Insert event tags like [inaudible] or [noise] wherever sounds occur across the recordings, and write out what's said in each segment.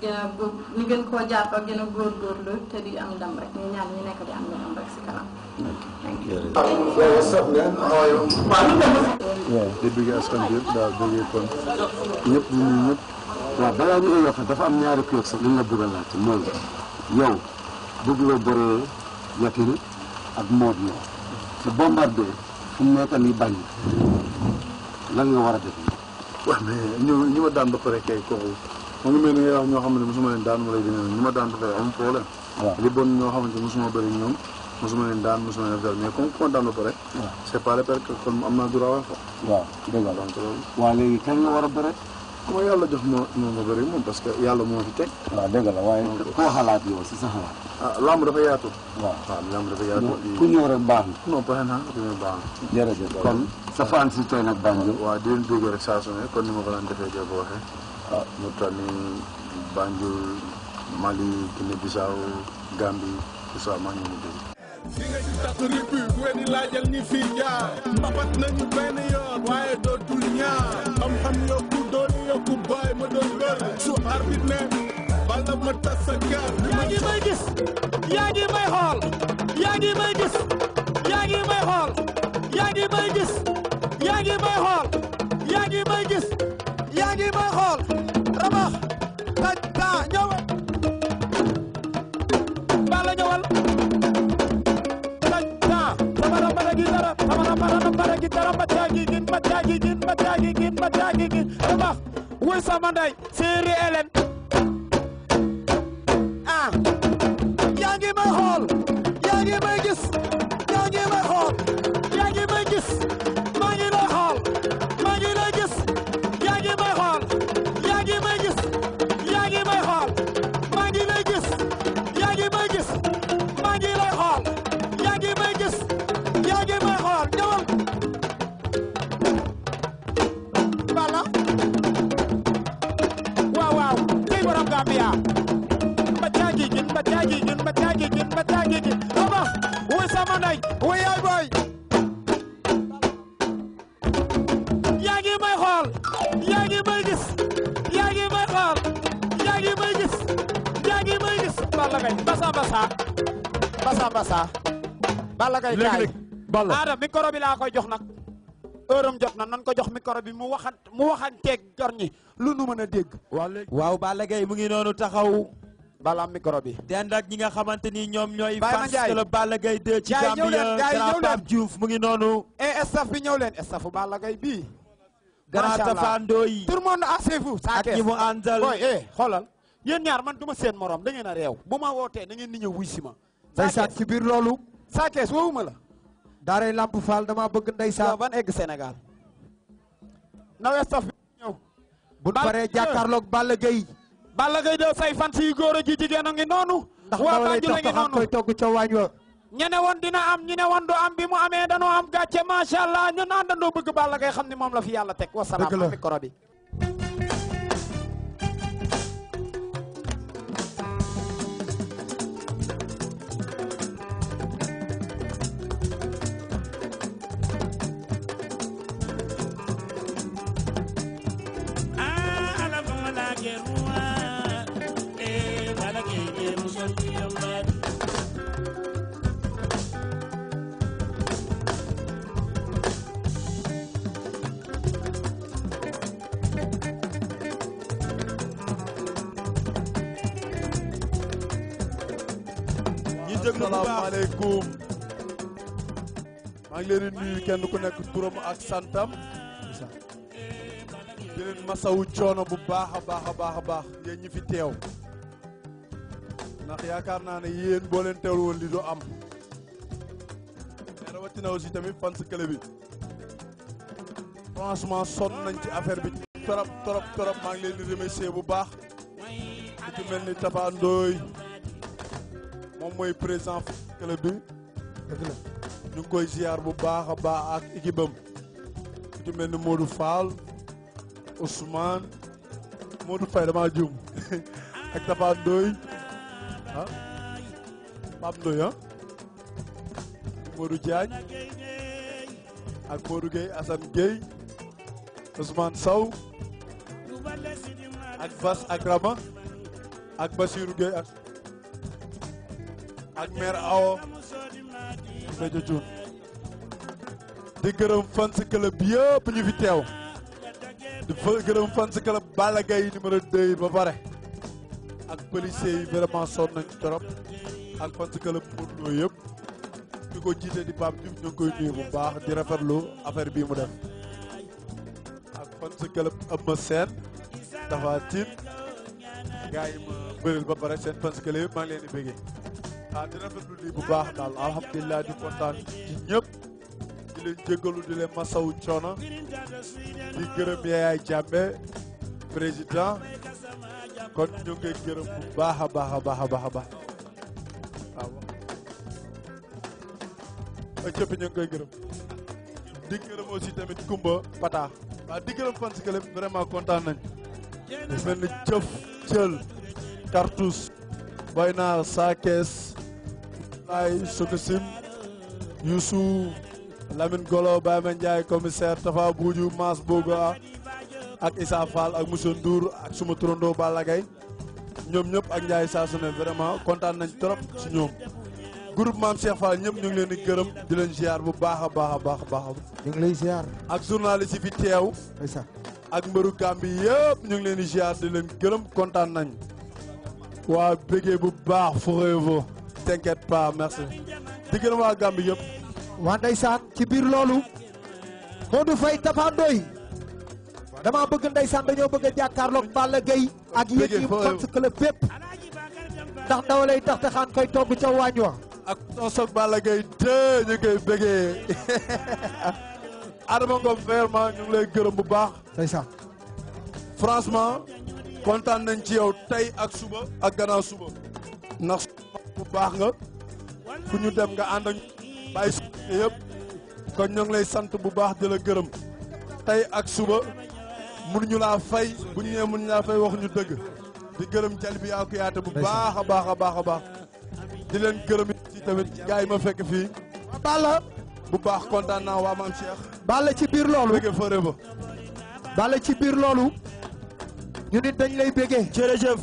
gën a gën koo jàpp gën a góorgóorlu te di am ndam rek ñu ñaan ñu nekk di am ndam rek si kanam. di bi yëpp ñu ñu ñu koy ñaari kër sax li nga bëgg ak Modou Lo te bombardé fu mu nekk ñu ma daan ba pare kay kooku. mu ngi mel ni ngay wax ñoo xamante mosuma leen daan ma lay dina ñu ma daan dafay am problème li bon ñoo xamante mosuma bëri ñoom mosuma leen daan mosuma leen def mais daan ba pare c'est pas la donc loolu a bëre ku ma jox moo moom ma bëri moom parce que yàlla moo fi teg waaw dëgg la waaye koo xalaat yow si sa a ah lamb dafa yaatu waaw waaw ku ñëw rek baax na non pare naa ku ñëw baax na jërëjëf kon sa fan si tey nag Banjul kon ni ma ko daan defee jo ko mutani Banjul Mali kini bisau gambi tout manyu ngi gis yagi may gis yagi may gis la ñëwal ta rabara bara gi dara rabara bara bara gi dara mata gi gin mata gi gin mata gi gin elen Balla basa basa basa basa Balla Gaye kaay Balla Adam micro bi laa koy jox nag heuram jot na nan ko jox micro bi mu waxan mu waxanteeg jor ñi lu nu mën a dégg waaw Balla Gaye mu ngi noonu taxaw bala micro bi dend ak ñi nga xamante ni ñoom ñooy fans club Balla Gaye ci Gambia grand Pape mu ngi noonu et eh, staff bi ñëw leen staff Balla Gaye grand Tafando tout monde asseyez-vous ak ñi mu àndal eh, xoolal yéen ñaar man du ma seen moroom da ngeen a réew bu ma wootee da ngeen di ñëw wuy si ma. ndeysaan ci biir loolu. saa kees woowuma la. daaray Lamp Fall damaa bëgg ndeysaan. ban egg Sénégal. nawet saf bi ñëw. bu ñu paree jàkkaarloog Balla Gaye. Balla Gaye de say fan si góor a ji jigéen a ngi noonu. ndax ndaw lay tax nga xam koy woon dina am ñu ne woon du am bi mu amee danoo am gàcce macha allah ñun àndandoo bëgg Balla Gaye xam ne moom la fi yàlla teg. wasalaam micro bi. asalaamaaleykum maa ngi leen nuyu kenn ku nekk turam ak santam di leen masawu coono bu baax a baax a baax a baax yéen ñi fi teew ndax yaakaar naa ne yéen boo leen teewlu woon li du am mais rawatina aussi tamit fans club bi franchement sonn nañ ci affaire bi torop torop torop maa ngi leen di remercier bu baax ku ci mel ni Taba Ndoye moom mooy président club bi. koy ziar bu baax a baax ak équipe am. ku ci mel ni Modou Fall Ousmane Modou Faye damaa juum [laughs] ak Tafa Ndoye ah Pape Ndoye ah Modou Diagne ak Modou Gueye Assane Gueye Ousmane Sow ak Bass ak Rama ak Bassirou Gueye ak maire Awo Bédio Diouf di gërëm fans club yëpp ñu fi teew gërëm fans club Balla Gaye numéro ba pare ak policiers yi vraiment sonn nañu trop ak fans club Modou yëpp di ko jiite di Pape Diouf ñu nuyu bu baax di rafetlu affaire bii mu def ak fans club Eumeu Sène Tapha Tine gars ba pare seen fans yëpp maa leen di béggee ah bu baax daal alhamdulilah di kontaan ci ñëpp di leen jégalu di leen masawu coono di gërëm Yaya Jammeh président kon ñu gërëm bu baax a baax a baax a baax baax waaw cëpp koy gërëm di gërëm aussi tamit Kumba Pata di gërëm fan vraiment kontaan nañ mel ni jëf cël cartouche boy naa saa Baye Sokosim Youssou Lamine Golo Baye Mandiaye commissaire Tafa Buuju Mass Boga ak Issa Fall ak monsieur Ndour ak suma turandoo Balla Gaye ñoom ñëpp ak njaay saasona vraiment kontaan nañ trop ci ñoom groupe Mame Cheikh Fall ñëpp ñu ngi leen di gërëm di leen ziar bu baax a baaxa a baax a baax. ak journaliste yi fi teew. ak mbëru Gàmbi yëpp ñu ngi leen di ziar di leen gërëm kontaan nañ waa bëggee bu baax forever. t'inquiète pas merci di gërëm waa gàmb yëpp. waa ndeysaan ci biir loolu Modou Faye Tapha Ndoye dama bëgg ndeysaan dañoo bëgg a jàkkaarloog Balla Gaye ak yéen ñi fans club fépp ndax ndaw lay koy togg ca waañ wa ak soosog Balla Gaye te ñu koy bëggee [laughs] Adama Ngom vraiment ñu ngi lay gërëm bu baax ndeysaan franchement kontaan nañ ci yow tey ak suba ak gannaaw suba ndax ku baax nga ku ñu dem nga ànd ak bàyyi su yëpp kon ñoo lay sant bu baax di la gërëm tey ak suba mënuñu laa fay bu ñu nee mënuñu laa fay waxuñu dëgg di gërëm jal bi yaa ko bu baaxa a baax a baax a baax di leen gërëm ci tamit gars ma fekk fii Balla bu baax kontaan naa waa maam Cheikh Balla ci biir loolu bëggee forever Balla ci biir loolu ñu nit dañ lay bëggee jërëjëf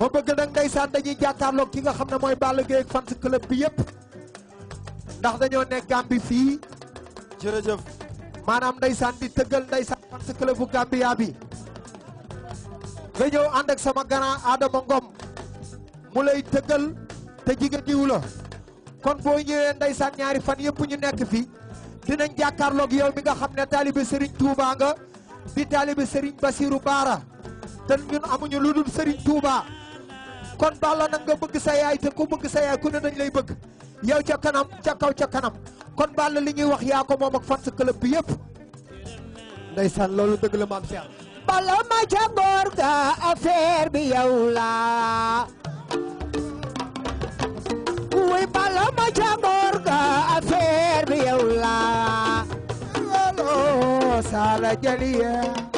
ma bëgg nag ndeysaan dañuy jàkkaarloog ki nga xamne moy mooy Balla ak fans club bi yépp ndax dañoo nekk gambi fi jërëjëf di fans club bu Gambia bi and ak sama grand Adama Ngom mu lay tegi te jige diw la kon boo ñëwee ndeysaan ñaari fan yépp ñu nekk fi dinañ jàkkaarloog yow mi nga xamne Serigne Touba nga di tali Serigne basirou Bara dan ñun amuñu luddul Serigne Touba kon Balla nag nga bëgg sa te ku bëgg sa ku ne lay bëgg yow ca kanam ca kaw ca kanam kon Balla li ñuy wax yaa ko moom ak fans club bi yëpp ndeysaan loolu la maam Cheikh la wuy Balla ma ca góor ga bi yow la looloo saala jaliya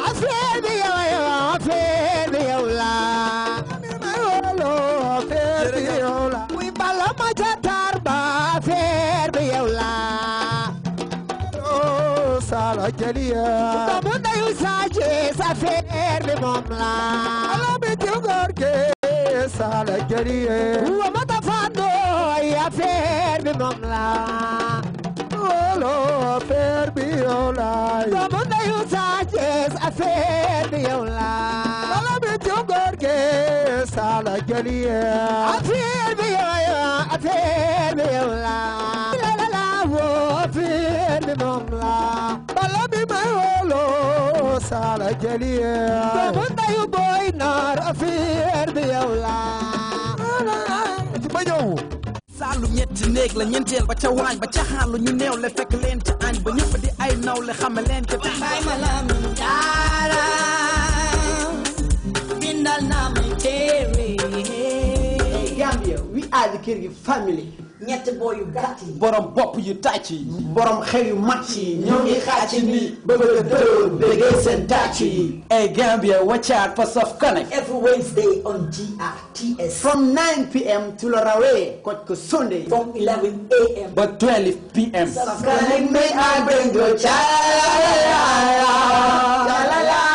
affaire bi yow yow affaire bi yow la moom la ala bi jiw góor gi saala jëriye wa ma tafaando ay affaire bi moom la wolo affaire bi yow la doomu ndeyu Sathiès affaire bi yow la ala bi jiw góor gi saala jëriye affaire bi yow la affaire bi yow la la la wo affaire bi moom la jaliya doomu ndayu booy naar affaire bi yow laa ba ñëw saalum ñetti néeg la ñeenteel ba ca waañ ba ca xaalu ñu neew le fekk leen ca añ ba ñëpp di ay naw le xame ca tax bay la min daara bindal naa may téere Gambia we are the Keur family ñetti boo yu gàtt yi. borom bopp yu tàcc yi. borom xel yu màcc yi. ñoo ngi xàcc ni bëgg a dóor yi. Hey Gambia watch for Soft Connect. every Wednesday on GRTS. from 9 p.m. to Larawee. Kotko Sunday. from 11 a.m. but 12 p.m. Soft Connect may I bring your child.